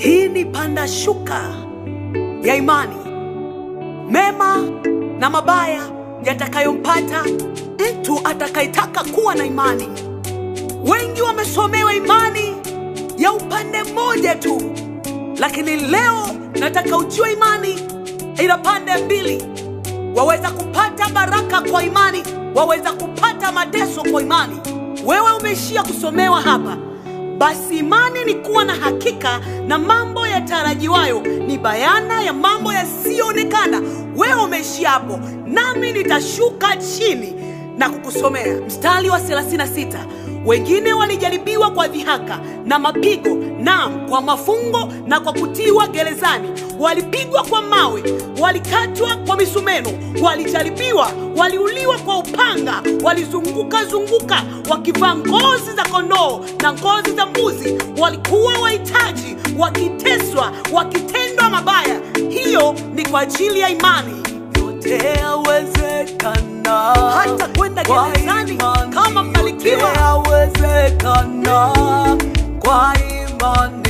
Hii ni panda shuka ya imani, mema na mabaya yatakayompata mtu atakayetaka kuwa na imani. Wengi wamesomewa imani ya upande mmoja tu, lakini leo nataka ujue imani ina pande mbili. Waweza kupata baraka kwa imani, waweza kupata mateso kwa imani. Wewe umeishia kusomewa hapa. Basi imani ni kuwa na hakika na mambo yatarajiwayo, ni bayana ya mambo yasiyoonekana. Wewe umeishia hapo, nami nitashuka chini na kukusomea mstari wa 36. Wengine walijaribiwa kwa dhihaka na mapigo, naam, kwa mafungo na kwa kutiwa gerezani. Walipigwa kwa mawe, walikatwa kwa misumeno, walijaribiwa, waliuliwa kwa upanga, walizunguka zunguka wakivaa ngozi za kondoo na ngozi za mbuzi. Walikuwa wahitaji, wakiteswa, wakitendwa mabaya. Hiyo ni kwa ajili ya imani. Yote yawezekana, hata kwenda gerezani kama mbarikiwa Sekana Kwa imani